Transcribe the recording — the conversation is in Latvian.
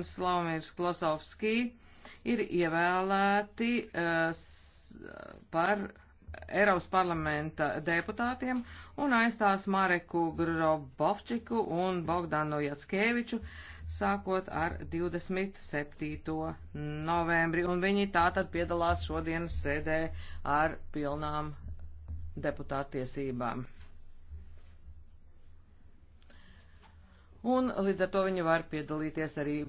un Slavomirs Klosovski ir ievēlēti uh, par Eiropas parlamenta deputātiem un aizstās Mareku Grobovčiku un Bogdanu Jackeviču sākot ar 27. novembri. Un viņi tātad piedalās šodienas sēdē ar pilnām deputātiesībām. Un līdz ar to viņi var piedalīties arī